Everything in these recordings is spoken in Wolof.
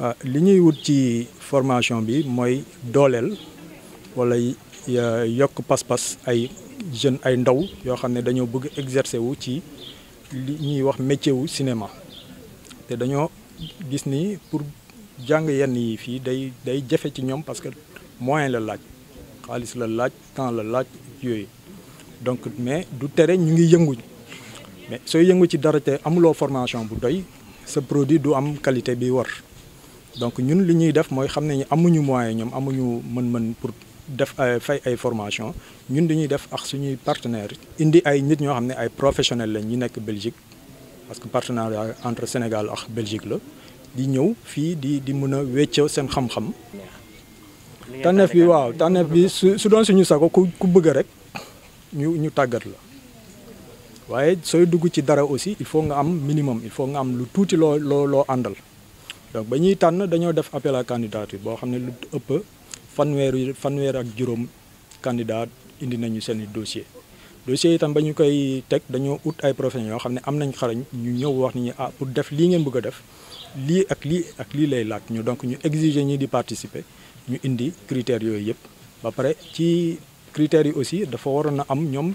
Euh, li ñuy wut ci formation bi mooy dooleel wala yokk pas-pas ay jeunes ay ndaw yoo xam ne dañoo bëgg exercer wu ci li ñuy wax métier wu cinéma te dañoo gis ni pour jàng yenn yi fii day day jafe ci ñoom parce que moyen la laaj xaalis la laaj temps la laaj yooyu donc mais du tere ñu ngi yëngu mais sooy yëngu ci dara te amuloo formation bu doy sa produit du am qualité bi war donc ñun li ñuy def mooy xam ne ñu amuñu moyen ñoom amuñu mën-mën pour def ay euh, fay ay formation ñun dañuy def ak suñuy partenaire indi ay nit ñoo xam ne ay professionnel lañ ñu nekk Belgique parce que partenariat entre Sénégal ak Belgique la di ñëw fii di di mën a wéccoo seen xam-xam tànneef bi waaw tànneef bi su su doon suñu sago ku ku bëgg rek ñu ñu tàggat la waaye sooy dugg ci dara aussi il faut nga am minimum il faut nga am lu tuuti loo loo loo àndal donc ba ñuy tànn dañoo def appel à candidature boo xam ne lu ëpp fanweer fanweer ak juróom candidat indi nañu seen i dossier dossier itam ba ñu koy teg dañoo ut ay professionnels yoo xam ne am nañ xarañ ñu ñëw wax ni ñu ah pour def lii ngeen bëgg a def lii ak lii ak lii lay laaj ñu donc ñu exiger ñi di participer ñu indi critères yooyu yëpp ba pare ci critères yi aussi dafa waroon a am ñoom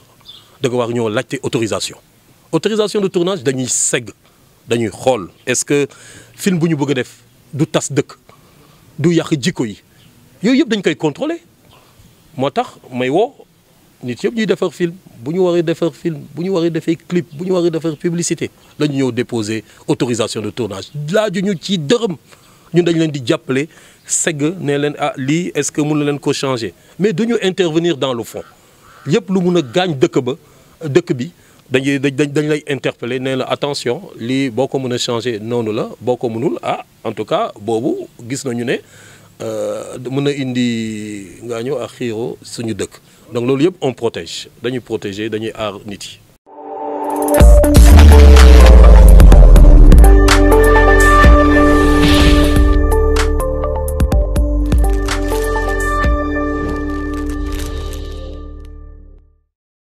de l'acte autorisation autorisation de tournage c'est un rôle. est-ce que film bëgg du tas de du yàq un yi yooyu dañ koy contrôler moo may je nit là. ñuy faire film bu film nous clip publicité Nous a déposer autorisation de tournage Là, nous ci dërëm ñun dañ leen ah, est-ce que changer mais intervenir dans le fond ce lu de dëkk bi dañuy dañ lay interpeller nee attention lii boo ko changer noonu la boo ko ah en tout cas boobu gis nañu ne euh, mën a indi ngaañoo ak xiiroo suñu dëkk donc loolu yëpp on protège dañuy protéger dañuy aar nit